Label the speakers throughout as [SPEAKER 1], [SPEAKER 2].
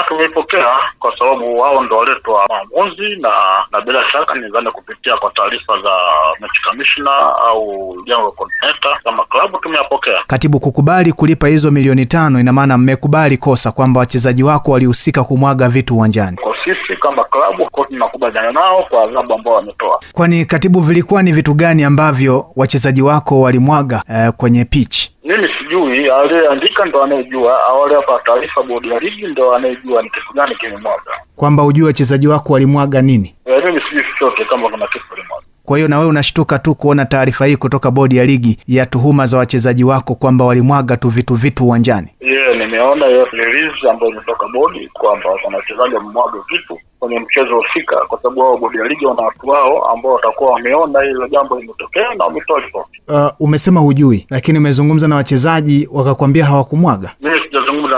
[SPEAKER 1] Ah, tumeipokea kwa sababu wao ndo waletwa maamuzi na na bila shaka nidhani kupitia kwa taarifa za mechi kamishna au jengo coordinator kama klabu tumeyapokea.
[SPEAKER 2] Katibu, kukubali kulipa hizo milioni tano ina maana mmekubali kosa kwamba wachezaji wako walihusika kumwaga vitu uwanjani?
[SPEAKER 1] Kwa sisi kama klabu kwa tunakubaliana nao kwa adhabu ambao wametoa.
[SPEAKER 2] Kwani katibu, vilikuwa ni vitu gani ambavyo wachezaji wako walimwaga eh, kwenye pitch?
[SPEAKER 1] Mimi sijui, aliyeandika ndo anayejua, au aliapa taarifa bodi ya ligi ndo anayejua ni kitu gani kimemwaga,
[SPEAKER 2] kwamba ujue wachezaji wako walimwaga nini.
[SPEAKER 1] Eh, mimi sijui chochote kama kuna kitu walimwaga.
[SPEAKER 2] Kwa hiyo na wewe unashtuka tu kuona taarifa hii kutoka bodi ya ligi ya tuhuma za wachezaji wako kwamba walimwaga tu vitu vitu uwanjani.
[SPEAKER 1] Eh, nimeona hiyo release ambayo imetoka bodi kwamba wanachezaji wamemwaga vitu kwenye mchezo husika, kwa sababu wao bodi ya ligi wana watu wao ambao watakuwa wameona hilo jambo limetokea na wametoa ripoti.
[SPEAKER 2] Uh, umesema hujui, lakini umezungumza na wachezaji wakakwambia hawakumwaga?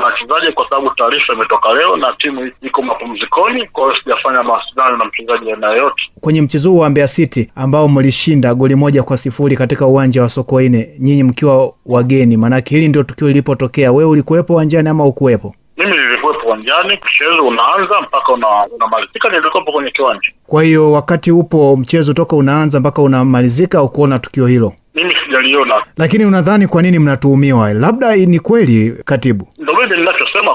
[SPEAKER 1] na wachezaji, kwa sababu taarifa imetoka leo na timu iko mapumzikoni, kwa hiyo sijafanya mawasiliano na mchezaji aina yoyote.
[SPEAKER 2] Kwenye mchezo huu wa Mbeya City ambao mlishinda goli moja kwa sifuri katika uwanja wa Sokoine, nyinyi mkiwa wageni, maanake hili ndio tukio lilipotokea, wewe ulikuwepo uwanjani ama ukuwepo?
[SPEAKER 1] Mimi nilikuwepo uwanjani, mchezo unaanza mpaka unamalizika, una nilikuwepo kwenye kiwanja.
[SPEAKER 2] Kwa hiyo wakati upo mchezo toka unaanza mpaka unamalizika, ukuona tukio hilo?
[SPEAKER 1] Mimi sijaliona.
[SPEAKER 2] Lakini unadhani kwa nini mnatuhumiwa? Labda ni kweli, katibu?
[SPEAKER 1] Ndo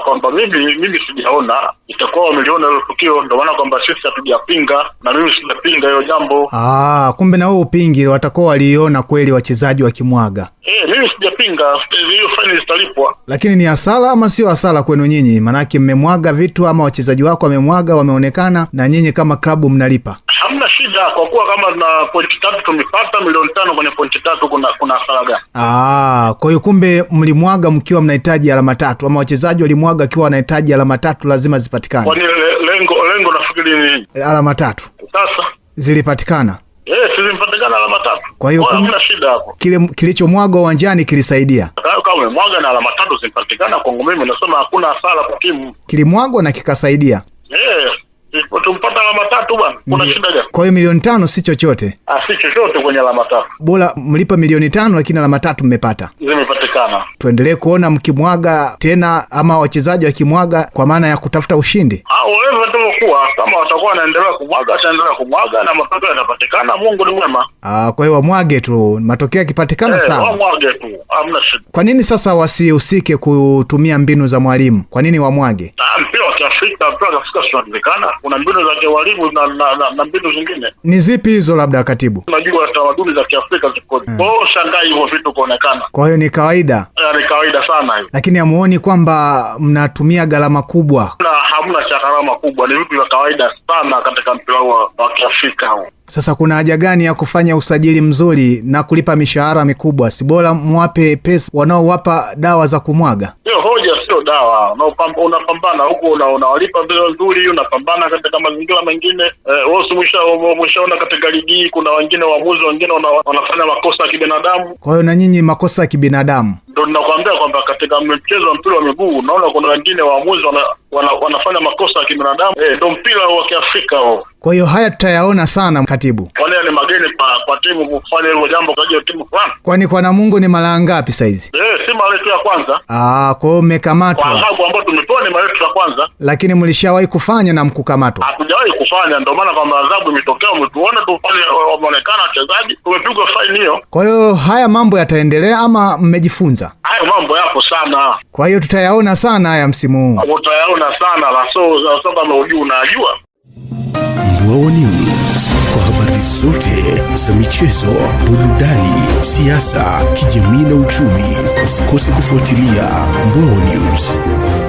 [SPEAKER 1] kusema kwamba mimi mimi sijaona, itakuwa wameliona hilo tukio, ndio maana kwamba sisi hatujapinga na mimi sijapinga hiyo jambo.
[SPEAKER 2] Ah, kumbe na wewe upingi, watakuwa waliona kweli wachezaji kimwaga
[SPEAKER 1] Eh, mimi sijapinga, hiyo faini zitalipwa.
[SPEAKER 2] Lakini ni hasara ama sio hasara kwenu nyinyi? Maanake mmemwaga vitu ama wachezaji wako wamemwaga, wameonekana, na nyinyi kama klabu mnalipa
[SPEAKER 1] hamna shida kwa kuwa kama na pointi tatu tumepata milioni tano kwenye pointi tatu kuna kuna hasara gani?
[SPEAKER 2] Ah, kwa hiyo kumbe mlimwaga mkiwa mnahitaji alama tatu ama wachezaji walimwaga Biharamuaga akiwa anahitaji alama tatu lazima zipatikane.
[SPEAKER 1] Kwani lengo lengo nafikiri
[SPEAKER 2] ni Alama tatu. Sasa zilipatikana.
[SPEAKER 1] Eh, yes, zilipatikana alama tatu.
[SPEAKER 2] Kwa hiyo kuna shida hapo. Kile kilichomwaga uwanjani kilisaidia.
[SPEAKER 1] Kama mwaga na alama tatu zilipatikana, kwangu mimi nasema hakuna hasara kwa timu.
[SPEAKER 2] Kilimwagwa na kikasaidia
[SPEAKER 1] tatu bwana, kuna shida gani?
[SPEAKER 2] Kwa hiyo milioni tano si chochote,
[SPEAKER 1] ah, si chochote kwenye alama tatu.
[SPEAKER 2] Bora mlipa milioni tano, lakini alama tatu mmepata,
[SPEAKER 1] zimepatikana.
[SPEAKER 2] Tuendelee kuona mkimwaga tena, ama wachezaji wakimwaga kwa maana ya kutafuta ushindi
[SPEAKER 1] ah, kuwa kama watakuwa wanaendelea kumwaga, wataendelea kumwaga na matokeo yanapatikana. Mungu ni mwema.
[SPEAKER 2] Ah, kwa hiyo wamwage tu, matokeo yakipatikana, hey, eh, sawa,
[SPEAKER 1] wamwage tu, hamna shida.
[SPEAKER 2] Kwa nini sasa wasihusike kutumia mbinu za mwalimu? Kwa nini wamwage?
[SPEAKER 1] Mpira wa Kiafrika, mpira wa Kiafrika unajulikana, kuna mbinu za kiwalimu zangu na, na, na, na mbinu zingine.
[SPEAKER 2] Ni zipi hizo, labda katibu?
[SPEAKER 1] Unajua tamaduni za Kiafrika zikoje, hmm. kwa hiyo shangai hivyo vitu kuonekana.
[SPEAKER 2] Kwa hiyo ni kawaida Ya,
[SPEAKER 1] eh, ni kawaida sana hiyo,
[SPEAKER 2] lakini hamuoni kwamba mnatumia gharama kubwa?
[SPEAKER 1] hamna cha gharama kubwa, ni vitu vya kawaida sana katika mpira wa Kiafrika huu.
[SPEAKER 2] Sasa kuna haja gani ya kufanya usajili mzuri na kulipa mishahara mikubwa? Si bora mwape pesa wanaowapa dawa za kumwaga?
[SPEAKER 1] Hiyo hoja sio dawa. Unapambana huku, unawalipa vile nzuri, unapambana katika mazingira mengine. Eh, umeshaona katika ligi hii kuna wengine waamuzi wengine wanafanya makosa ya kibinadamu.
[SPEAKER 2] Kwa hiyo na nyinyi makosa ya kibinadamu
[SPEAKER 1] ndo ninakwambia kwamba katika mchezo wa mpira wa miguu unaona kuna wengine waamuzi wana, wana, wanafanya makosa ya kibinadamu. Eh, ndo mpira wa Kiafrika huo.
[SPEAKER 2] Kwa hiyo haya tutayaona sana, katibu.
[SPEAKER 1] Wale ni mageni kwa, kwa timu kufanya hilo jambo kwa timu fulani.
[SPEAKER 2] Kwani kwa Namungo ni mara ngapi saizi?
[SPEAKER 1] Eh, si mara yetu ya kwanza.
[SPEAKER 2] Ah, kwa hiyo mmekamatwa.
[SPEAKER 1] Kwa sababu ambayo tumetoa ni mara yetu ya kwanza.
[SPEAKER 2] Lakini mlishawahi kufanya na mkukamatwa?
[SPEAKER 1] Hatujawahi kufanya, ndio maana kwamba adhabu imetokea, tu tufanye eh, wameonekana wachezaji, tumepigwa faini hiyo.
[SPEAKER 2] Kwa hiyo haya mambo yataendelea ama mmejifunza?
[SPEAKER 1] Hayo mambo yapo sana.
[SPEAKER 2] Kwa hiyo tutayaona sana haya msimu
[SPEAKER 1] huu. Utayaona sana la so sababu unajua Wawa News kwa habari zote za michezo, burudani, siasa, kijamii na uchumi. Usikose kufuatilia Wawa News.